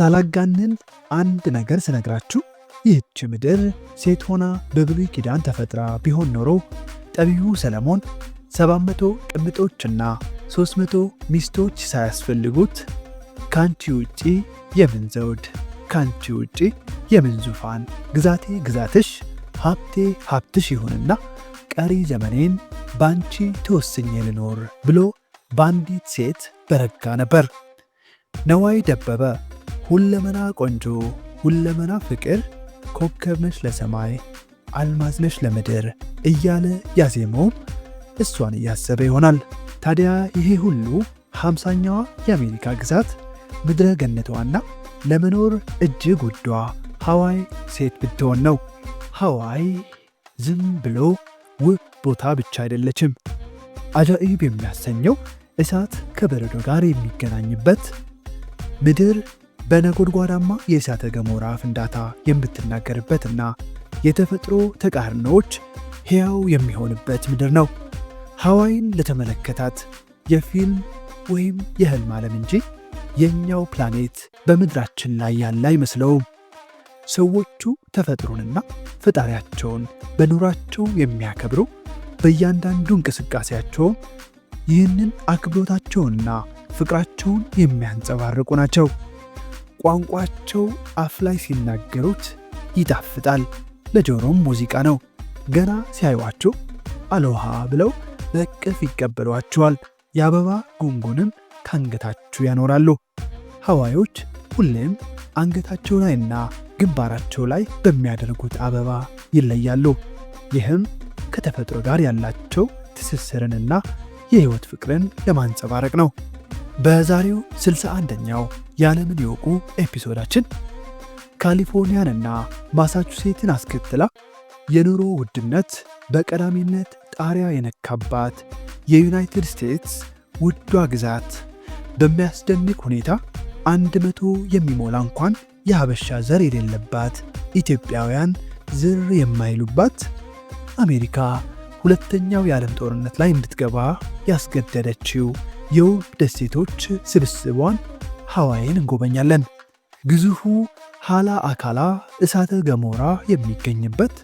ሳላጋንን አንድ ነገር ስነግራችሁ ይህች ምድር ሴት ሆና በብሉይ ኪዳን ተፈጥራ ቢሆን ኖሮ ጠቢቡ ሰለሞን 700 ቅምጦችና 300 ሚስቶች ሳያስፈልጉት ከአንቺ ውጪ የምን ዘውድ ከአንቺ ውጪ የምን ዙፋን፣ ግዛቴ ግዛትሽ፣ ሀብቴ ሀብትሽ ይሁንና ቀሪ ዘመኔን በአንቺ ተወስኜ ልኖር ብሎ በአንዲት ሴት በረጋ ነበር። ነዋይ ደበበ ሁለመና ቆንጆ፣ ሁለመና ፍቅር፣ ኮከብ ነሽ ለሰማይ፣ አልማዝ ነሽ ለምድር እያለ ያዜመውም እሷን እያሰበ ይሆናል። ታዲያ ይሄ ሁሉ ሃምሳኛዋ የአሜሪካ ግዛት ምድረ ገነቷና ለመኖር እጅግ ውዷ ሐዋይ ሴት ብትሆን ነው። ሐዋይ ዝም ብሎ ውብ ቦታ ብቻ አይደለችም። አጃኢብ የሚያሰኘው እሳት ከበረዶ ጋር የሚገናኝበት ምድር በነጎድጓዳማ የእሳተ ገሞራ ፍንዳታ የምትናገርበትና የተፈጥሮ ተቃርኖዎች ሕያው የሚሆንበት ምድር ነው። ሐዋይን ለተመለከታት የፊልም ወይም የህልም ዓለም እንጂ የእኛው ፕላኔት በምድራችን ላይ ያለ አይመስለውም። ሰዎቹ ተፈጥሮንና ፈጣሪያቸውን በኑራቸው የሚያከብሩ በእያንዳንዱ እንቅስቃሴያቸውም ይህንን አክብሮታቸውንና ፍቅራቸውን የሚያንጸባርቁ ናቸው። ቋንቋቸው አፍ ላይ ሲናገሩት ይጣፍጣል፣ ለጆሮም ሙዚቃ ነው። ገና ሲያዩዋችሁ አሎሃ ብለው በእቅፍ ይቀበሏችኋል። የአበባ ጉንጉንም ከአንገታችሁ ያኖራሉ። ሐዋዮች ሁሌም አንገታቸው ላይና ግንባራቸው ላይ በሚያደርጉት አበባ ይለያሉ። ይህም ከተፈጥሮ ጋር ያላቸው ትስስርንና የሕይወት ፍቅርን ለማንጸባረቅ ነው። በዛሬው 61ኛው የዓለምን ይወቁ ኤፒሶዳችን ካሊፎርኒያንና ማሳቹሴትን አስከትላ የኑሮ ውድነት በቀዳሚነት ጣሪያ የነካባት የዩናይትድ ስቴትስ ውዷ ግዛት በሚያስደንቅ ሁኔታ አንድ መቶ የሚሞላ እንኳን የሀበሻ ዘር የሌለባት ኢትዮጵያውያን ዝር የማይሉባት አሜሪካ ሁለተኛው የዓለም ጦርነት ላይ እንድትገባ ያስገደደችው የውብ ደሴቶች ስብስቧን ሐዋይን እንጎበኛለን። ግዙፉ ሃላ አካላ እሳተ ገሞራ የሚገኝበት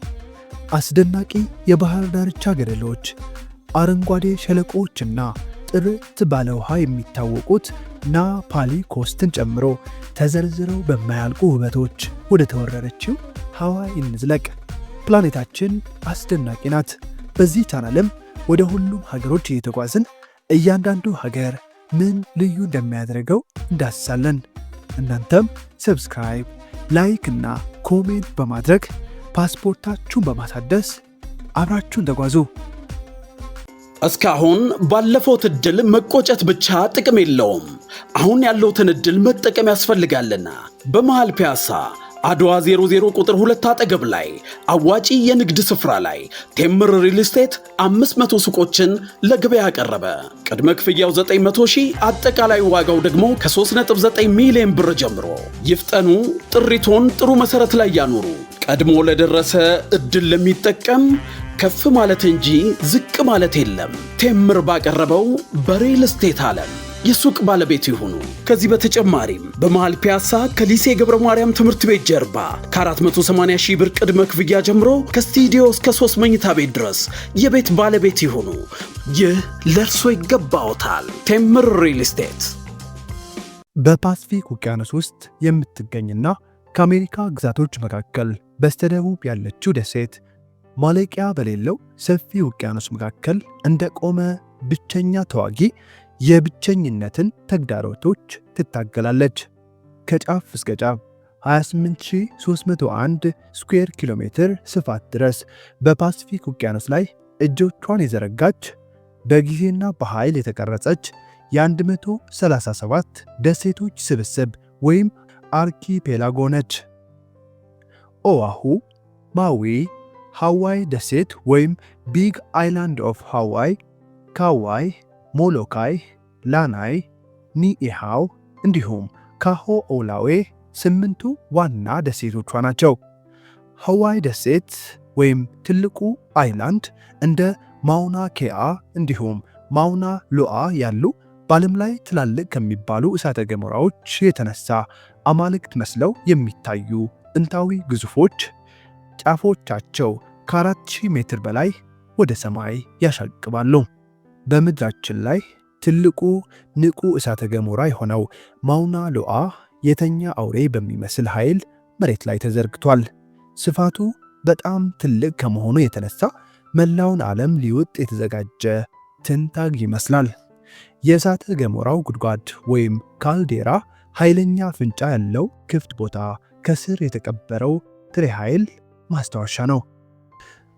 አስደናቂ የባህር ዳርቻ ገደሎች፣ አረንጓዴ ሸለቆዎችና ጥርት ባለ ውሃ የሚታወቁት ናፓሊ ኮስትን ጨምሮ ተዘርዝረው በማያልቁ ውበቶች ወደ ተወረረችው ሐዋይ እንዝለቅ። ፕላኔታችን አስደናቂ ናት። በዚህ ታናለም ወደ ሁሉም ሀገሮች እየተጓዝን እያንዳንዱ ሀገር ምን ልዩ እንደሚያደርገው እንዳስሳለን። እናንተም ሰብስክራይብ፣ ላይክ እና ኮሜንት በማድረግ ፓስፖርታችሁን በማሳደስ አብራችሁን ተጓዙ። እስካሁን ባለፈውት እድል መቆጨት ብቻ ጥቅም የለውም። አሁን ያለውትን እድል መጠቀም ያስፈልጋልና በመሃል ፒያሳ አድዋ 00 ቁጥር 2 አጠገብ ላይ አዋጪ የንግድ ስፍራ ላይ ቴምር ሪል ስቴት 500 ሱቆችን ለገበያ ቀረበ። ቅድመ ክፍያው 900 ሺህ፣ አጠቃላይ ዋጋው ደግሞ ከ3.9 ሚሊዮን ብር ጀምሮ። ይፍጠኑ! ጥሪቶን ጥሩ መሰረት ላይ ያኖሩ። ቀድሞ ለደረሰ እድል ለሚጠቀም ከፍ ማለት እንጂ ዝቅ ማለት የለም። ቴምር ባቀረበው በሪል ስቴት አለም የሱቅ ባለቤት ይሁኑ። ከዚህ በተጨማሪም በመሃል ፒያሳ ከሊሴ የገብረ ማርያም ትምህርት ቤት ጀርባ ከ480 ሺህ ብር ቅድመ ክፍያ ጀምሮ ከስቱዲዮ እስከ ሶስት መኝታ ቤት ድረስ የቤት ባለቤት ይሁኑ። ይህ ለእርሶ ይገባዎታል። ቴምር ሪል ስቴት በፓስፊክ ውቅያኖስ ውስጥ የምትገኝና ከአሜሪካ ግዛቶች መካከል በስተደቡብ ያለችው ደሴት ማለቂያ በሌለው ሰፊ ውቅያኖስ መካከል እንደቆመ ብቸኛ ተዋጊ የብቸኝነትን ተግዳሮቶች ትታገላለች። ከጫፍ እስከ ጫፍ 28301 ስኩዌር ኪሎ ሜትር ስፋት ድረስ በፓሲፊክ ውቅያኖስ ላይ እጆቿን የዘረጋች በጊዜና በኃይል የተቀረጸች የ137 ደሴቶች ስብስብ ወይም አርኪፔላጎ ነች። ኦዋሁ፣ ማዊ፣ ሃዋይ ደሴት ወይም ቢግ አይላንድ ኦፍ ሃዋይ፣ ካዋይ ሞሎካይ፣ ላናይ፣ ኒኢሃው እንዲሁም ካሆ ኦላዌ ስምንቱ ዋና ደሴቶቿ ናቸው። ሀዋይ ደሴት ወይም ትልቁ አይላንድ እንደ ማውና ኬአ እንዲሁም ማውና ሉአ ያሉ በዓለም ላይ ትላልቅ ከሚባሉ እሳተ ገሞራዎች የተነሳ አማልክት መስለው የሚታዩ ጥንታዊ ግዙፎች ጫፎቻቸው ከአራት ሺህ ሜትር በላይ ወደ ሰማይ ያሻቅባሉ። በምድራችን ላይ ትልቁ ንቁ እሳተ ገሞራ የሆነው ማውና ሎአ የተኛ አውሬ በሚመስል ኃይል መሬት ላይ ተዘርግቷል። ስፋቱ በጣም ትልቅ ከመሆኑ የተነሳ መላውን ዓለም ሊውጥ የተዘጋጀ ትንታግ ይመስላል። የእሳተ ገሞራው ጉድጓድ ወይም ካልዴራ ኃይለኛ አፍንጫ ያለው ክፍት ቦታ፣ ከስር የተቀበረው ትሬ ኃይል ማስታወሻ ነው።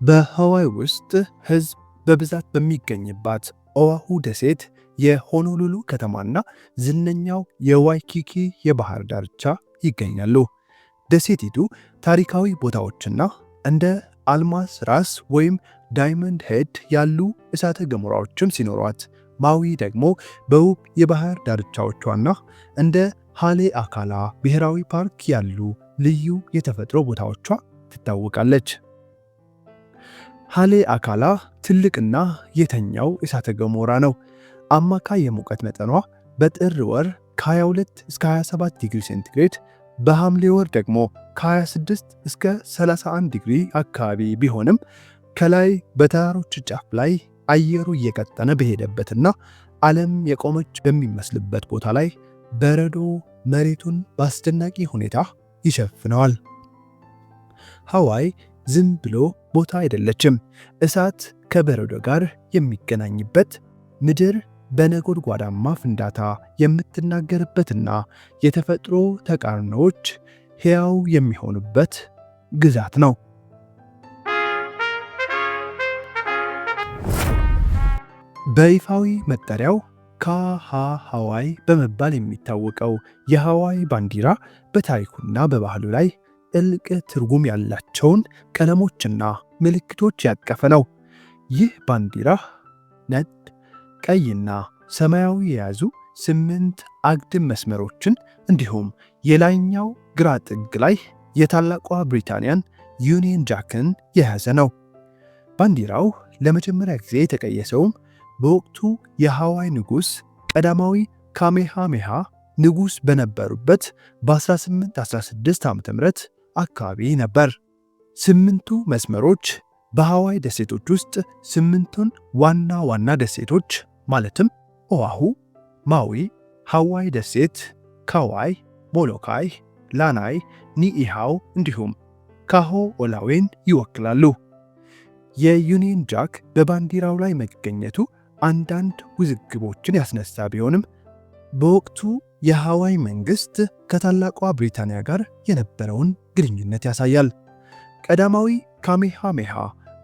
በሃዋይ ውስጥ ህዝብ በብዛት በሚገኝባት ኦዋሁ ደሴት፣ የሆኖሉሉ ከተማና ዝነኛው የዋይኪኪ የባህር ዳርቻ ይገኛሉ። ደሴቲቱ ታሪካዊ ቦታዎችና እንደ አልማዝ ራስ ወይም ዳይመንድ ሄድ ያሉ እሳተ ገሞራዎችም ሲኖሯት፣ ማዊ ደግሞ በውብ የባህር ዳርቻዎቿና እንደ ሃሌ አካላ ብሔራዊ ፓርክ ያሉ ልዩ የተፈጥሮ ቦታዎቿ ትታወቃለች። ሃሌ አካላ ትልቅና የተኛው እሳተ ገሞራ ነው። አማካይ የሙቀት መጠኗ በጥር ወር ከ22 እስከ 27 ዲግሪ ሴንቲግሬድ በሐምሌ ወር ደግሞ ከ26 እስከ 31 ዲግሪ አካባቢ ቢሆንም ከላይ በተራሮች ጫፍ ላይ አየሩ እየቀጠነ በሄደበትና ዓለም የቆመች በሚመስልበት ቦታ ላይ በረዶ መሬቱን በአስደናቂ ሁኔታ ይሸፍነዋል። ሐዋይ ዝም ብሎ ቦታ አይደለችም። እሳት ከበረዶ ጋር የሚገናኝበት ምድር በነጎድጓዳማ ፍንዳታ የምትናገርበትና የተፈጥሮ ተቃርኖዎች ሕያው የሚሆኑበት ግዛት ነው። በይፋዊ መጠሪያው ካሃ ሃዋይ በመባል የሚታወቀው የሃዋይ ባንዲራ በታሪኩና በባህሉ ላይ ጥልቅ ትርጉም ያላቸውን ቀለሞችና ምልክቶች ያቀፈ ነው። ይህ ባንዲራ ነጭ፣ ቀይና ሰማያዊ የያዙ ስምንት አግድም መስመሮችን እንዲሁም የላይኛው ግራ ጥግ ላይ የታላቋ ብሪታንያን ዩኒየን ጃክን የያዘ ነው። ባንዲራው ለመጀመሪያ ጊዜ የተቀየሰውም በወቅቱ የሃዋይ ንጉሥ ቀዳማዊ ካሜሃሜሃ ንጉሥ በነበሩበት በ1816 ዓ.ም አካባቢ ነበር። ስምንቱ መስመሮች በሐዋይ ደሴቶች ውስጥ ስምንቱን ዋና ዋና ደሴቶች ማለትም ኦዋሁ፣ ማዊ፣ ሐዋይ ደሴት፣ ካዋይ፣ ሞሎካይ፣ ላናይ፣ ኒኢሃው እንዲሁም ካሆ ኦላዌን ይወክላሉ። የዩኒየን ጃክ በባንዲራው ላይ መገኘቱ አንዳንድ ውዝግቦችን ያስነሳ ቢሆንም በወቅቱ የሃዋይ መንግስት ከታላቋ ብሪታንያ ጋር የነበረውን ግንኙነት ያሳያል። ቀዳማዊ ካሜሃሜሃ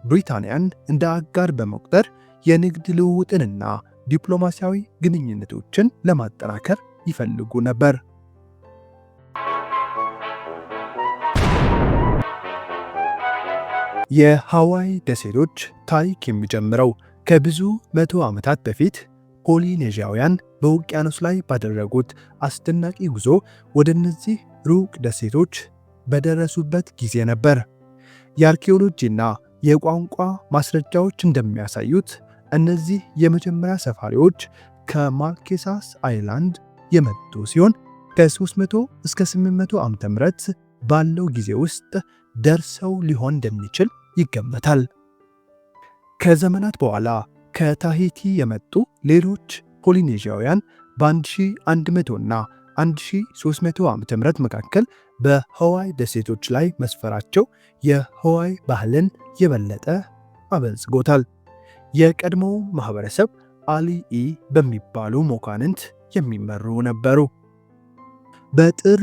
ብሪታንያን እንደ አጋር በመቁጠር የንግድ ልውውጥንና ዲፕሎማሲያዊ ግንኙነቶችን ለማጠናከር ይፈልጉ ነበር። የሃዋይ ደሴቶች ታሪክ የሚጀምረው ከብዙ መቶ ዓመታት በፊት ፖሊኔዥያውያን በውቅያኖስ ላይ ባደረጉት አስደናቂ ጉዞ ወደ እነዚህ ሩቅ ደሴቶች በደረሱበት ጊዜ ነበር። የአርኪኦሎጂና የቋንቋ ማስረጃዎች እንደሚያሳዩት እነዚህ የመጀመሪያ ሰፋሪዎች ከማርኬሳስ አይላንድ የመጡ ሲሆን ከ300 እስከ 800 ዓ ምህረት ባለው ጊዜ ውስጥ ደርሰው ሊሆን እንደሚችል ይገመታል። ከዘመናት በኋላ ከታሂቲ የመጡ ሌሎች ፖሊኔዥያውያን በ1100 እና 1300 ዓ ም መካከል በሐዋይ ደሴቶች ላይ መስፈራቸው የሐዋይ ባህልን የበለጠ አበልጽጎታል። የቀድሞ ማህበረሰብ አሊኢ በሚባሉ ሞካንንት የሚመሩ ነበሩ። በጥር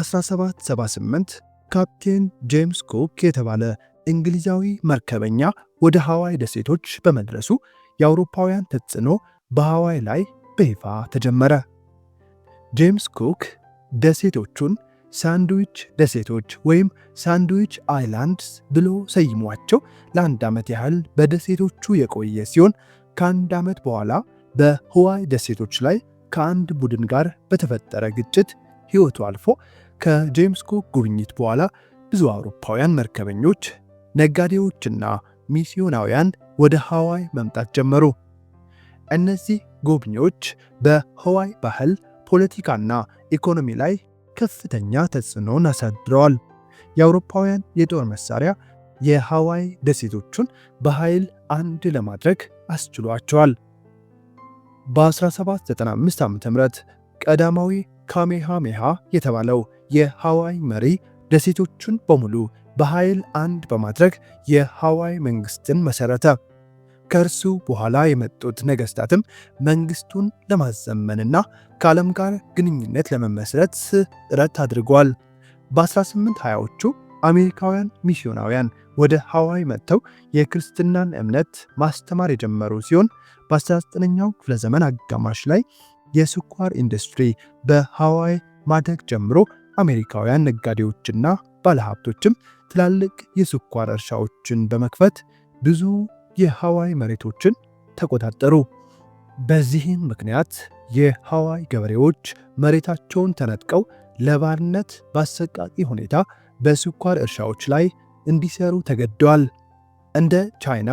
1778 ካፕቴን ጄምስ ኩክ የተባለ እንግሊዛዊ መርከበኛ ወደ ሐዋይ ደሴቶች በመድረሱ የአውሮፓውያን ተጽዕኖ በሐዋይ ላይ በይፋ ተጀመረ። ጄምስ ኩክ ደሴቶቹን ሳንድዊች ደሴቶች ወይም ሳንድዊች አይላንድስ ብሎ ሰይሟቸው ለአንድ ዓመት ያህል በደሴቶቹ የቆየ ሲሆን ከአንድ ዓመት በኋላ በህዋይ ደሴቶች ላይ ከአንድ ቡድን ጋር በተፈጠረ ግጭት ሕይወቱ አልፎ ከጄምስ ኩክ ጉብኝት በኋላ ብዙ አውሮፓውያን መርከበኞች፣ ነጋዴዎችና ሚስዮናውያን ወደ ሐዋይ መምጣት ጀመሩ። እነዚህ ጎብኚዎች በሐዋይ ባህል፣ ፖለቲካና ኢኮኖሚ ላይ ከፍተኛ ተጽዕኖን አሳድረዋል። የአውሮፓውያን የጦር መሳሪያ የሐዋይ ደሴቶቹን በኃይል አንድ ለማድረግ አስችሏቸዋል። በ1795 ዓ.ም ቀዳማዊ ካሜሃሜሃ የተባለው የሐዋይ መሪ ደሴቶቹን በሙሉ በኃይል አንድ በማድረግ የሐዋይ መንግስትን መሰረተ። ከእርሱ በኋላ የመጡት ነገስታትም መንግስቱን ለማዘመንና ከዓለም ጋር ግንኙነት ለመመስረት ጥረት አድርጓል። በ1820ዎቹ አሜሪካውያን ሚስዮናውያን ወደ ሐዋይ መጥተው የክርስትናን እምነት ማስተማር የጀመሩ ሲሆን በ19ኛው ክፍለ ዘመን አጋማሽ ላይ የስኳር ኢንዱስትሪ በሐዋይ ማደግ ጀምሮ አሜሪካውያን ነጋዴዎችና ባለሀብቶችም ትላልቅ የስኳር እርሻዎችን በመክፈት ብዙ የሃዋይ መሬቶችን ተቆጣጠሩ። በዚህም ምክንያት የሃዋይ ገበሬዎች መሬታቸውን ተነጥቀው ለባርነት በአሰቃቂ ሁኔታ በስኳር እርሻዎች ላይ እንዲሰሩ ተገደዋል። እንደ ቻይና፣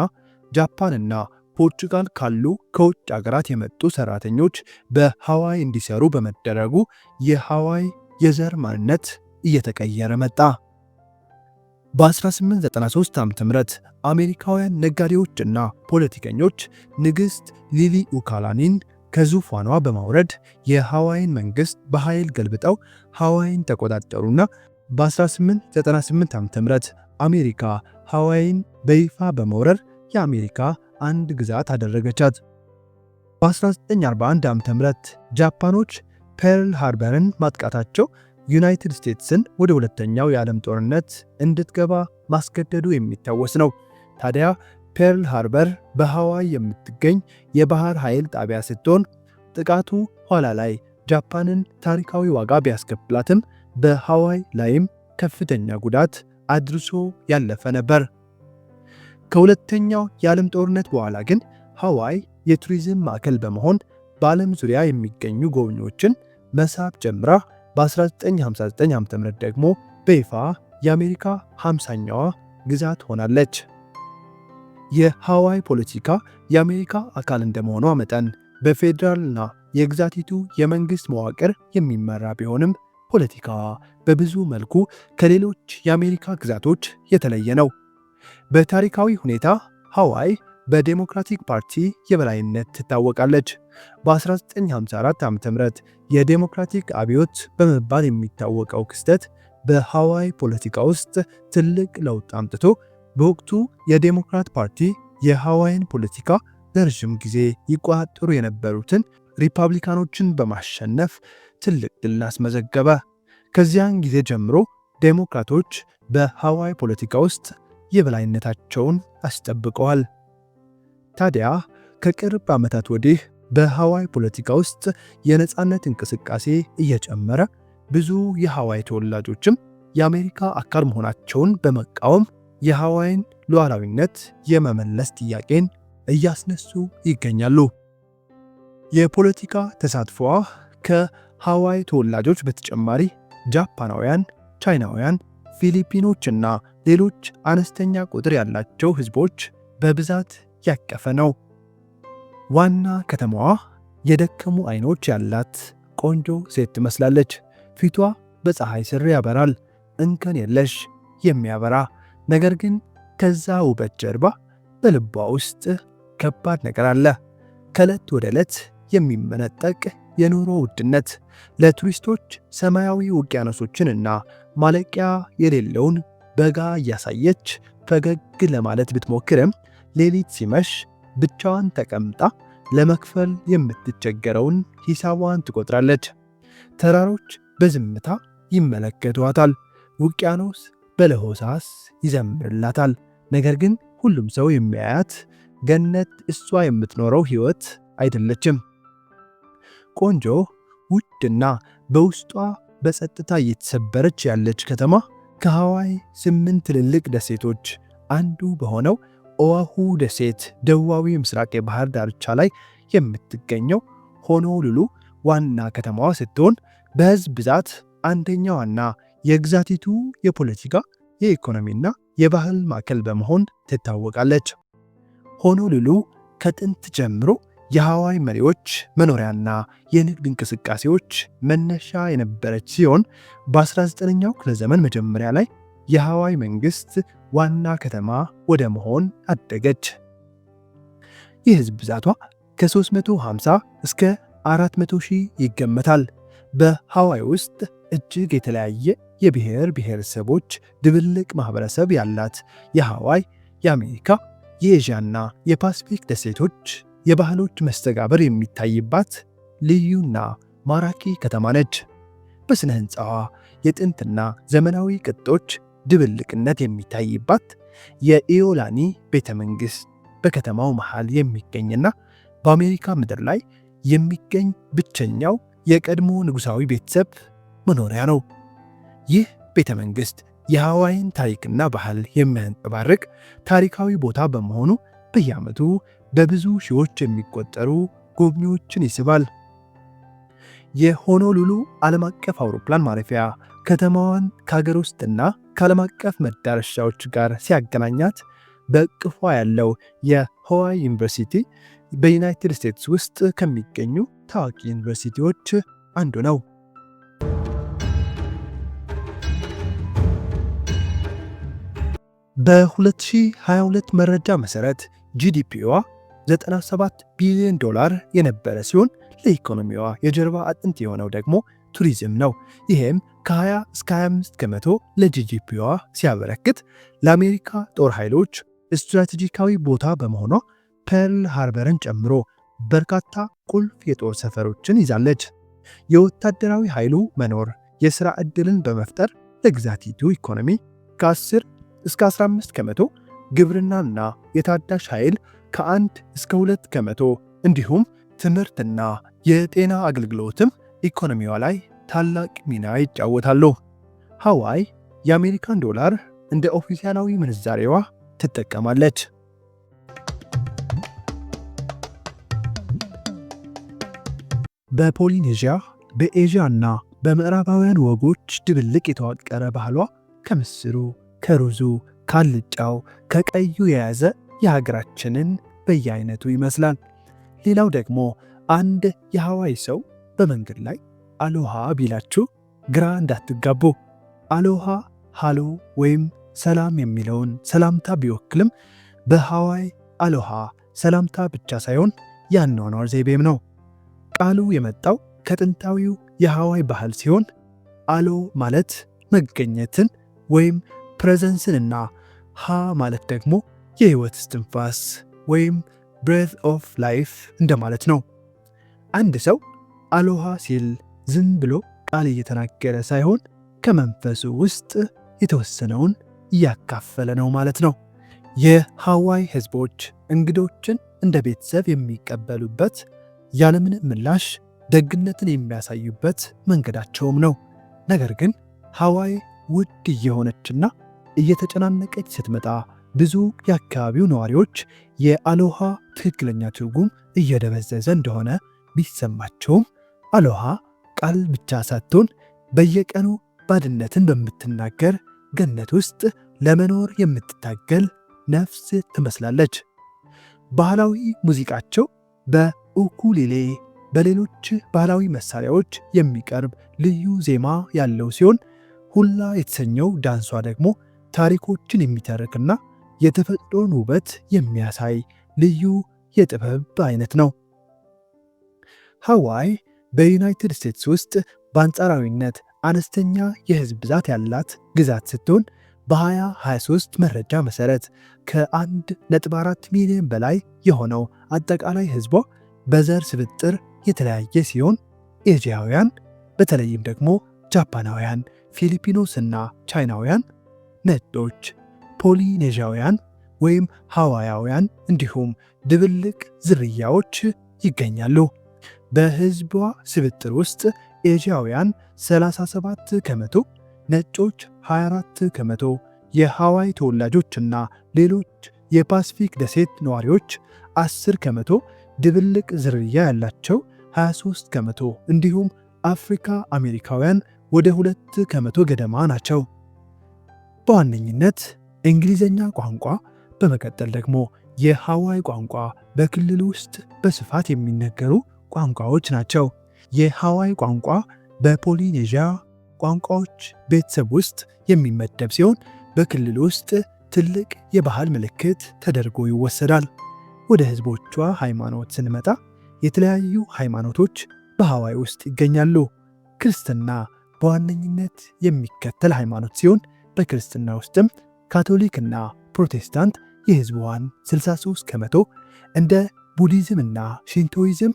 ጃፓንና ፖርቹጋል ካሉ ከውጭ አገራት የመጡ ሰራተኞች በሃዋይ እንዲሰሩ በመደረጉ የሃዋይ የዘር ማንነት እየተቀየረ መጣ። በ1893 ዓ.ም አሜሪካውያን ነጋዴዎችና ፖለቲከኞች ንግሥት ሊሊ ኡካላኒን ከዙፋኗ በማውረድ የሃዋይን መንግሥት በኃይል ገልብጠው ሃዋይን ተቆጣጠሩና በ1898 ዓ.ም አሜሪካ ሃዋይን በይፋ በመውረር የአሜሪካ አንድ ግዛት አደረገቻት። በ1941 ዓ.ም ጃፓኖች ፐርል ሃርበርን ማጥቃታቸው ዩናይትድ ስቴትስን ወደ ሁለተኛው የዓለም ጦርነት እንድትገባ ማስገደዱ የሚታወስ ነው። ታዲያ ፐርል ሃርበር በሃዋይ የምትገኝ የባህር ኃይል ጣቢያ ስትሆን ጥቃቱ ኋላ ላይ ጃፓንን ታሪካዊ ዋጋ ቢያስከፍላትም በሃዋይ ላይም ከፍተኛ ጉዳት አድርሶ ያለፈ ነበር። ከሁለተኛው የዓለም ጦርነት በኋላ ግን ሃዋይ የቱሪዝም ማዕከል በመሆን በዓለም ዙሪያ የሚገኙ ጎብኚዎችን መሳብ ጀምራ በ1959 ዓ.ም ደግሞ በይፋ የአሜሪካ 50ኛዋ ግዛት ሆናለች። የሃዋይ ፖለቲካ የአሜሪካ አካል እንደመሆኗ መጠን በፌዴራልና የግዛቲቱ የመንግስት መዋቅር የሚመራ ቢሆንም ፖለቲካዋ በብዙ መልኩ ከሌሎች የአሜሪካ ግዛቶች የተለየ ነው። በታሪካዊ ሁኔታ ሃዋይ በዴሞክራቲክ ፓርቲ የበላይነት ትታወቃለች። በ1954 ዓ.ም የዴሞክራቲክ አብዮት በመባል የሚታወቀው ክስተት በሃዋይ ፖለቲካ ውስጥ ትልቅ ለውጥ አምጥቶ በወቅቱ የዴሞክራት ፓርቲ የሃዋይን ፖለቲካ ለረዥም ጊዜ ይቆጣጠሩ የነበሩትን ሪፐብሊካኖችን በማሸነፍ ትልቅ ድል አስመዘገበ። ከዚያን ጊዜ ጀምሮ ዴሞክራቶች በሃዋይ ፖለቲካ ውስጥ የበላይነታቸውን አስጠብቀዋል። ታዲያ ከቅርብ ዓመታት ወዲህ በሃዋይ ፖለቲካ ውስጥ የነፃነት እንቅስቃሴ እየጨመረ ብዙ የሃዋይ ተወላጆችም የአሜሪካ አካል መሆናቸውን በመቃወም የሃዋይን ሉዓላዊነት የመመለስ ጥያቄን እያስነሱ ይገኛሉ። የፖለቲካ ተሳትፎዋ ከሃዋይ ተወላጆች በተጨማሪ ጃፓናውያን፣ ቻይናውያን፣ ፊሊፒኖች እና ሌሎች አነስተኛ ቁጥር ያላቸው ህዝቦች በብዛት ያቀፈ ነው። ዋና ከተማዋ የደከሙ አይኖች ያላት ቆንጆ ሴት ትመስላለች። ፊቷ በፀሐይ ስር ያበራል። እንከን የለሽ የሚያበራ ነገር ግን ከዛ ውበት ጀርባ በልቧ ውስጥ ከባድ ነገር አለ። ከእለት ወደ ዕለት የሚመነጠቅ የኑሮ ውድነት፣ ለቱሪስቶች ሰማያዊ ውቅያኖሶችንና እና ማለቂያ የሌለውን በጋ እያሳየች ፈገግ ለማለት ብትሞክርም ሌሊት ሲመሽ ብቻዋን ተቀምጣ ለመክፈል የምትቸገረውን ሂሳቧን ትቆጥራለች። ተራሮች በዝምታ ይመለከቷታል። ውቅያኖስ በለሆሳስ ይዘምርላታል። ነገር ግን ሁሉም ሰው የሚያያት ገነት እሷ የምትኖረው ሕይወት አይደለችም። ቆንጆ ውድና በውስጧ በጸጥታ እየተሰበረች ያለች ከተማ ከሐዋይ ስምንት ትልልቅ ደሴቶች አንዱ በሆነው በኦዋሁ ደሴት ደቡባዊ ምስራቅ የባህር ዳርቻ ላይ የምትገኘው ሆኖሉሉ ዋና ከተማዋ ስትሆን በህዝብ ብዛት አንደኛዋና የግዛቲቱ የፖለቲካ የኢኮኖሚና የባህል ማዕከል በመሆን ትታወቃለች። ሆኖሉሉ ከጥንት ጀምሮ የሐዋይ መሪዎች መኖሪያና የንግድ እንቅስቃሴዎች መነሻ የነበረች ሲሆን በ19ኛው ክፍለ ዘመን መጀመሪያ ላይ የሐዋይ መንግሥት ዋና ከተማ ወደ መሆን አደገች። የህዝብ ብዛቷ ከ350 እስከ 400 ሺህ ይገመታል። በሃዋይ ውስጥ እጅግ የተለያየ የብሔር ብሔረሰቦች ድብልቅ ማህበረሰብ ያላት የሃዋይ የአሜሪካ የኤዥያና የፓስፊክ ደሴቶች የባህሎች መስተጋበር የሚታይባት ልዩና ማራኪ ከተማ ነች። በሥነ ሕንፃዋ የጥንትና ዘመናዊ ቅጦች ድብልቅነት የሚታይባት የኢዮላኒ ቤተ መንግሥት በከተማው መሃል የሚገኝና በአሜሪካ ምድር ላይ የሚገኝ ብቸኛው የቀድሞ ንጉሣዊ ቤተሰብ መኖሪያ ነው። ይህ ቤተ መንግሥት የሐዋይን ታሪክና ባህል የሚያንጸባርቅ ታሪካዊ ቦታ በመሆኑ በየዓመቱ በብዙ ሺዎች የሚቆጠሩ ጎብኚዎችን ይስባል። የሆኖሉሉ ዓለም አቀፍ አውሮፕላን ማረፊያ ከተማዋን ከሀገር ውስጥና ከዓለም አቀፍ መዳረሻዎች ጋር ሲያገናኛት በቅፏ ያለው የሃዋይ ዩኒቨርሲቲ በዩናይትድ ስቴትስ ውስጥ ከሚገኙ ታዋቂ ዩኒቨርሲቲዎች አንዱ ነው። በ2022 መረጃ መሰረት ጂዲፒዋ 97 ቢሊዮን ዶላር የነበረ ሲሆን ለኢኮኖሚዋ የጀርባ አጥንት የሆነው ደግሞ ቱሪዝም ነው። ይህም ከ20 እስከ 25 ከመቶ ለጂዲፒዋ ሲያበረክት ለአሜሪካ ጦር ኃይሎች ስትራቴጂካዊ ቦታ በመሆኗ ፐርል ሃርበርን ጨምሮ በርካታ ቁልፍ የጦር ሰፈሮችን ይዛለች። የወታደራዊ ኃይሉ መኖር የሥራ ዕድልን በመፍጠር ለግዛቲቱ ኢኮኖሚ ከ10 እስከ 15 ከመቶ፣ ግብርናና የታዳሽ ኃይል ከ1 እስከ 2 ከመቶ እንዲሁም ትምህርትና የጤና አገልግሎትም ኢኮኖሚዋ ላይ ታላቅ ሚና ይጫወታሉ። ሃዋይ የአሜሪካን ዶላር እንደ ኦፊሴላዊ ምንዛሬዋ ትጠቀማለች። በፖሊኔዥያ በኤዥያ እና በምዕራባውያን ወጎች ድብልቅ የተዋቀረ ባህሏ ከምስሩ፣ ከሩዙ፣ ካልጫው፣ ከቀዩ የያዘ የሀገራችንን በየአይነቱ ይመስላል። ሌላው ደግሞ አንድ የሃዋይ ሰው በመንገድ ላይ አሎሃ ቢላችሁ ግራ እንዳትጋቡ። አሎሃ ሃሎ ወይም ሰላም የሚለውን ሰላምታ ቢወክልም በሃዋይ አሎሃ ሰላምታ ብቻ ሳይሆን የአኗኗር ዘይቤም ነው። ቃሉ የመጣው ከጥንታዊው የሃዋይ ባህል ሲሆን አሎ ማለት መገኘትን ወይም ፕሬዘንስንና ሃ ማለት ደግሞ የህይወት እስትንፋስ ወይም ብሬት ኦፍ ላይፍ እንደማለት ነው። አንድ ሰው አሎሃ ሲል ዝም ብሎ ቃል እየተናገረ ሳይሆን ከመንፈሱ ውስጥ የተወሰነውን እያካፈለ ነው ማለት ነው። የሃዋይ ህዝቦች እንግዶችን እንደ ቤተሰብ የሚቀበሉበት ያለምን ምላሽ ደግነትን የሚያሳዩበት መንገዳቸውም ነው። ነገር ግን ሃዋይ ውድ እየሆነችና እየተጨናነቀች ስትመጣ ብዙ የአካባቢው ነዋሪዎች የአሎሃ ትክክለኛ ትርጉም እየደበዘዘ እንደሆነ ቢሰማቸውም አሎሃ ቃል ብቻ ሳትሆን በየቀኑ ባድነትን በምትናገር ገነት ውስጥ ለመኖር የምትታገል ነፍስ ትመስላለች። ባህላዊ ሙዚቃቸው በኡኩሌሌ በሌሎች ባህላዊ መሳሪያዎች የሚቀርብ ልዩ ዜማ ያለው ሲሆን ሁላ የተሰኘው ዳንሷ ደግሞ ታሪኮችን የሚተርክና የተፈጥሮን ውበት የሚያሳይ ልዩ የጥበብ አይነት ነው። ሐዋይ በዩናይትድ ስቴትስ ውስጥ በአንጻራዊነት አነስተኛ የህዝብ ብዛት ያላት ግዛት ስትሆን በ2023 መረጃ መሰረት ከ1.4 ሚሊዮን በላይ የሆነው አጠቃላይ ህዝቧ በዘር ስብጥር የተለያየ ሲሆን ኤዥያውያን በተለይም ደግሞ ጃፓናውያን፣ ፊሊፒኖስ እና ቻይናውያን፣ ነጮች፣ ፖሊኔዥያውያን ወይም ሐዋያውያን እንዲሁም ድብልቅ ዝርያዎች ይገኛሉ። በህዝቧ ስብጥር ውስጥ ኤዥያውያን 37 ከመቶ፣ ነጮች 24 ከመቶ፣ የሃዋይ ተወላጆችና ሌሎች የፓስፊክ ደሴት ነዋሪዎች 10 ከመቶ፣ ድብልቅ ዝርያ ያላቸው 23 ከመቶ እንዲሁም አፍሪካ አሜሪካውያን ወደ 2 ከመቶ ገደማ ናቸው። በዋነኝነት እንግሊዝኛ ቋንቋ በመቀጠል ደግሞ የሃዋይ ቋንቋ በክልል ውስጥ በስፋት የሚነገሩ ቋንቋዎች ናቸው። የሃዋይ ቋንቋ በፖሊኔዥያ ቋንቋዎች ቤተሰብ ውስጥ የሚመደብ ሲሆን በክልል ውስጥ ትልቅ የባህል ምልክት ተደርጎ ይወሰዳል። ወደ ህዝቦቿ ሃይማኖት ስንመጣ የተለያዩ ሃይማኖቶች በሃዋይ ውስጥ ይገኛሉ። ክርስትና በዋነኝነት የሚከተል ሃይማኖት ሲሆን በክርስትና ውስጥም ካቶሊክና ፕሮቴስታንት የህዝቧን 63 ከመቶ እንደ ቡዲዝምና ሽንቶይዝም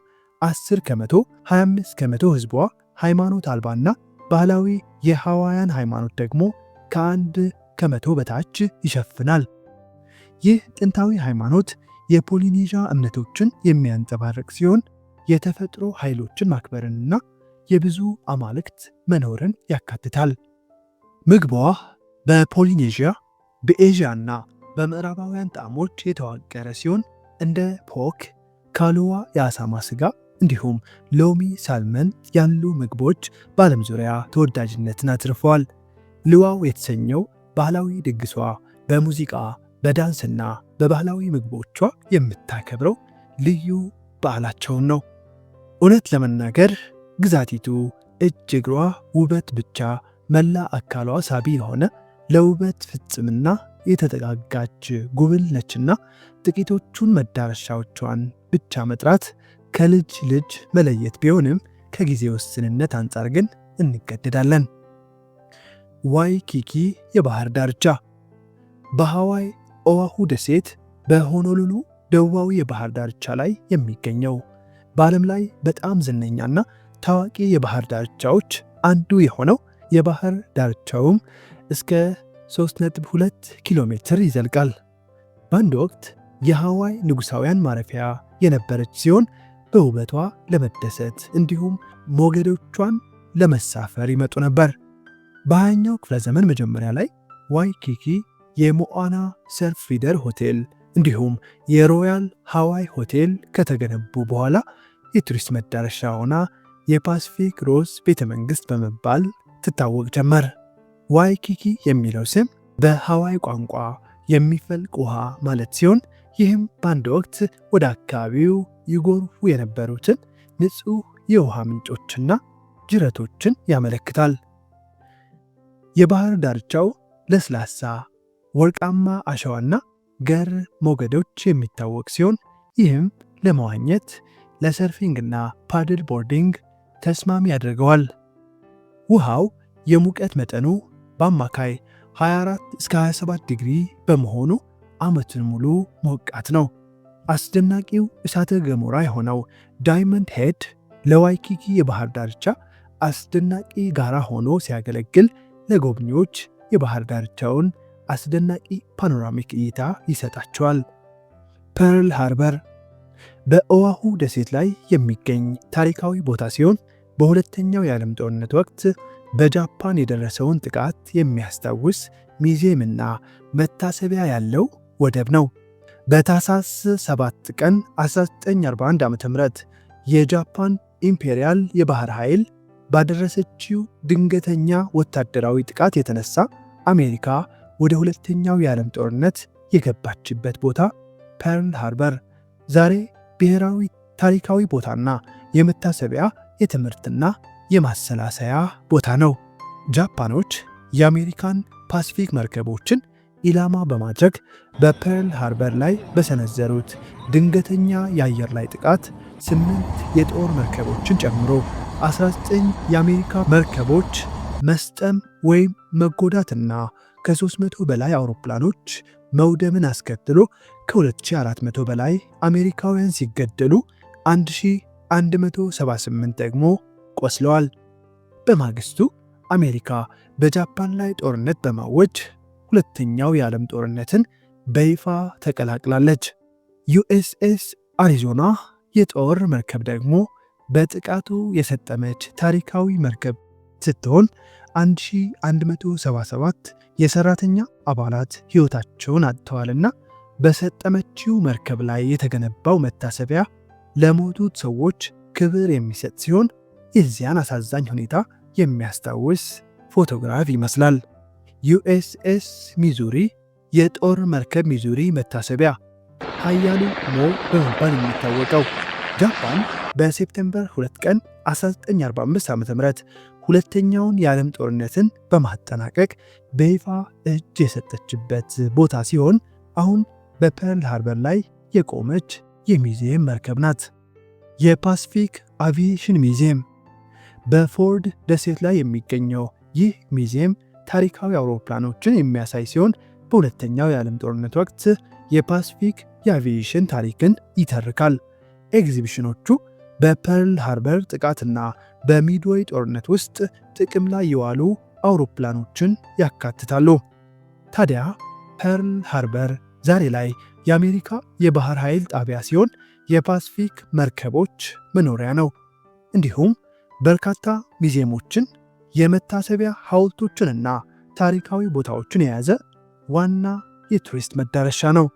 10 ከመቶ 25 ከመቶ ህዝቧ ሃይማኖት አልባና ባህላዊ የሐዋውያን ሃይማኖት ደግሞ ከአንድ ከመቶ በታች ይሸፍናል። ይህ ጥንታዊ ሃይማኖት የፖሊኔዥያ እምነቶችን የሚያንጸባርቅ ሲሆን የተፈጥሮ ኃይሎችን ማክበርንና የብዙ አማልክት መኖርን ያካትታል። ምግቧ በፖሊኔዥያ በኤዥያና በምዕራባውያን ጣዕሞች የተዋቀረ ሲሆን እንደ ፖክ ካልዋ የአሳማ ስጋ እንዲሁም ሎሚ ሳልመን ያሉ ምግቦች በዓለም ዙሪያ ተወዳጅነትን አትርፈዋል። ልዋው የተሰኘው ባህላዊ ድግሷ በሙዚቃ በዳንስና በባህላዊ ምግቦቿ የምታከብረው ልዩ በዓላቸውን ነው። እውነት ለመናገር ግዛቲቱ እጅ እግሯ ውበት ብቻ መላ አካሏ ሳቢ የሆነ ለውበት ፍጽምና የተጠጋጋች ጉብል ነችና ጥቂቶቹን መዳረሻዎቿን ብቻ መጥራት ከልጅ ልጅ መለየት ቢሆንም ከጊዜ ውስንነት አንጻር ግን እንገደዳለን። ዋይ ኪኪ የባህር ዳርቻ በሃዋይ ኦዋሁ ደሴት በሆኖሉሉ ደቡባዊ የባህር ዳርቻ ላይ የሚገኘው በዓለም ላይ በጣም ዝነኛና ታዋቂ የባህር ዳርቻዎች አንዱ የሆነው የባህር ዳርቻውም እስከ 3.2 ኪሎ ሜትር ይዘልቃል። በአንድ ወቅት የሃዋይ ንጉሳውያን ማረፊያ የነበረች ሲሆን በውበቷ ለመደሰት እንዲሁም ሞገዶቿን ለመሳፈር ይመጡ ነበር። በሃያኛው ክፍለ ዘመን መጀመሪያ ላይ ዋይኪኪ የሞአና ሰርፊደር ሆቴል እንዲሁም የሮያል ሃዋይ ሆቴል ከተገነቡ በኋላ የቱሪስት መዳረሻ ሆና የፓስፊክ ሮዝ ቤተ መንግሥት በመባል ትታወቅ ጀመር። ዋይኪኪ የሚለው ስም በሃዋይ ቋንቋ የሚፈልቅ ውሃ ማለት ሲሆን ይህም በአንድ ወቅት ወደ አካባቢው ይጎርፉ የነበሩትን ንጹሕ የውሃ ምንጮችና ጅረቶችን ያመለክታል። የባህር ዳርቻው ለስላሳ ወርቃማ አሸዋና ገር ሞገዶች የሚታወቅ ሲሆን ይህም ለመዋኘት ለሰርፊንግና ፓድል ቦርዲንግ ተስማሚ ያደርገዋል። ውሃው የሙቀት መጠኑ በአማካይ 24 እስከ 27 ዲግሪ በመሆኑ ዓመቱን ሙሉ ሞቃት ነው። አስደናቂው እሳተ ገሞራ የሆነው ዳይመንድ ሄድ ለዋይኪኪ የባህር ዳርቻ አስደናቂ ጋራ ሆኖ ሲያገለግል ለጎብኚዎች የባህር ዳርቻውን አስደናቂ ፓኖራሚክ እይታ ይሰጣቸዋል። ፐርል ሃርበር በኦዋሁ ደሴት ላይ የሚገኝ ታሪካዊ ቦታ ሲሆን በሁለተኛው የዓለም ጦርነት ወቅት በጃፓን የደረሰውን ጥቃት የሚያስታውስ ሚዚየምና መታሰቢያ ያለው ወደብ ነው። በታህሳስ 7 ቀን 1941 ዓ ም የጃፓን ኢምፔሪያል የባህር ኃይል ባደረሰችው ድንገተኛ ወታደራዊ ጥቃት የተነሳ አሜሪካ ወደ ሁለተኛው የዓለም ጦርነት የገባችበት ቦታ ፐርል ሃርበር ዛሬ ብሔራዊ ታሪካዊ ቦታና የመታሰቢያ የትምህርትና የማሰላሰያ ቦታ ነው። ጃፓኖች የአሜሪካን ፓሲፊክ መርከቦችን ኢላማ በማድረግ በፐርል ሃርበር ላይ በሰነዘሩት ድንገተኛ የአየር ላይ ጥቃት ስምንት የጦር መርከቦችን ጨምሮ 19 የአሜሪካ መርከቦች መስጠም ወይም መጎዳትና ከ300 በላይ አውሮፕላኖች መውደምን አስከትሎ ከ2400 በላይ አሜሪካውያን ሲገደሉ 1178 ደግሞ ቆስለዋል። በማግስቱ አሜሪካ በጃፓን ላይ ጦርነት በማወጅ ሁለተኛው የዓለም ጦርነትን በይፋ ተቀላቅላለች። ዩኤስኤስ አሪዞና የጦር መርከብ ደግሞ በጥቃቱ የሰጠመች ታሪካዊ መርከብ ስትሆን 1177 የሰራተኛ አባላት ሕይወታቸውን አጥተዋልና በሰጠመችው መርከብ ላይ የተገነባው መታሰቢያ ለሞቱት ሰዎች ክብር የሚሰጥ ሲሆን የዚያን አሳዛኝ ሁኔታ የሚያስታውስ ፎቶግራፍ ይመስላል። ዩኤስኤስ ሚዙሪ የጦር መርከብ ሚዙሪ መታሰቢያ ሀያሉ ሞ በመባል የሚታወቀው ጃፓን በሴፕቴምበር 2 ቀን 1945 ዓ ም ሁለተኛውን የዓለም ጦርነትን በማጠናቀቅ በይፋ እጅ የሰጠችበት ቦታ ሲሆን አሁን በፐርል ሃርበር ላይ የቆመች የሚዚየም መርከብ ናት። የፓስፊክ አቪዬሽን ሚዚየም በፎርድ ደሴት ላይ የሚገኘው ይህ ሚዚየም ታሪካዊ አውሮፕላኖችን የሚያሳይ ሲሆን በሁለተኛው የዓለም ጦርነት ወቅት የፓስፊክ የአቪዬሽን ታሪክን ይተርካል። ኤግዚቢሽኖቹ በፐርል ሃርበር ጥቃትና በሚድዌይ ጦርነት ውስጥ ጥቅም ላይ የዋሉ አውሮፕላኖችን ያካትታሉ። ታዲያ ፐርል ሃርበር ዛሬ ላይ የአሜሪካ የባህር ኃይል ጣቢያ ሲሆን የፓስፊክ መርከቦች መኖሪያ ነው። እንዲሁም በርካታ ሙዚየሞችን፣ የመታሰቢያ ሐውልቶችንና ታሪካዊ ቦታዎችን የያዘ ዋና የቱሪስት መዳረሻ ነው።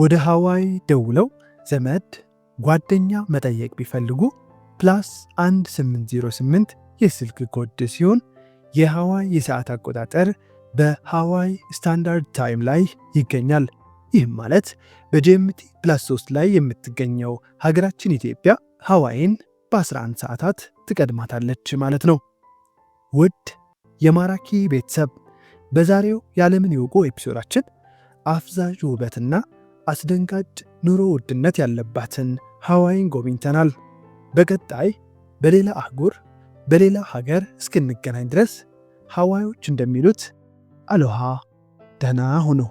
ወደ ሐዋይ ደውለው ዘመድ ጓደኛ መጠየቅ ቢፈልጉ ፕላስ 1808 የስልክ ኮድ ሲሆን የሐዋይ የሰዓት አቆጣጠር በሐዋይ ስታንዳርድ ታይም ላይ ይገኛል። ይህም ማለት በጂኤምቲ ፕላስ 3 ላይ የምትገኘው ሀገራችን ኢትዮጵያ ሐዋይን በ11 ሰዓታት ትቀድማታለች ማለት ነው። ውድ የማራኪ ቤተሰብ በዛሬው የዓለምን ይወቁ ኤፒሶዳችን አፍዛዥ ውበትና አስደንጋጭ ኑሮ ውድነት ያለባትን ሐዋይን ጎብኝተናል። በቀጣይ በሌላ አህጉር በሌላ ሀገር እስክንገናኝ ድረስ ሐዋዮች እንደሚሉት አሎሃ፣ ደህና ሁኑ።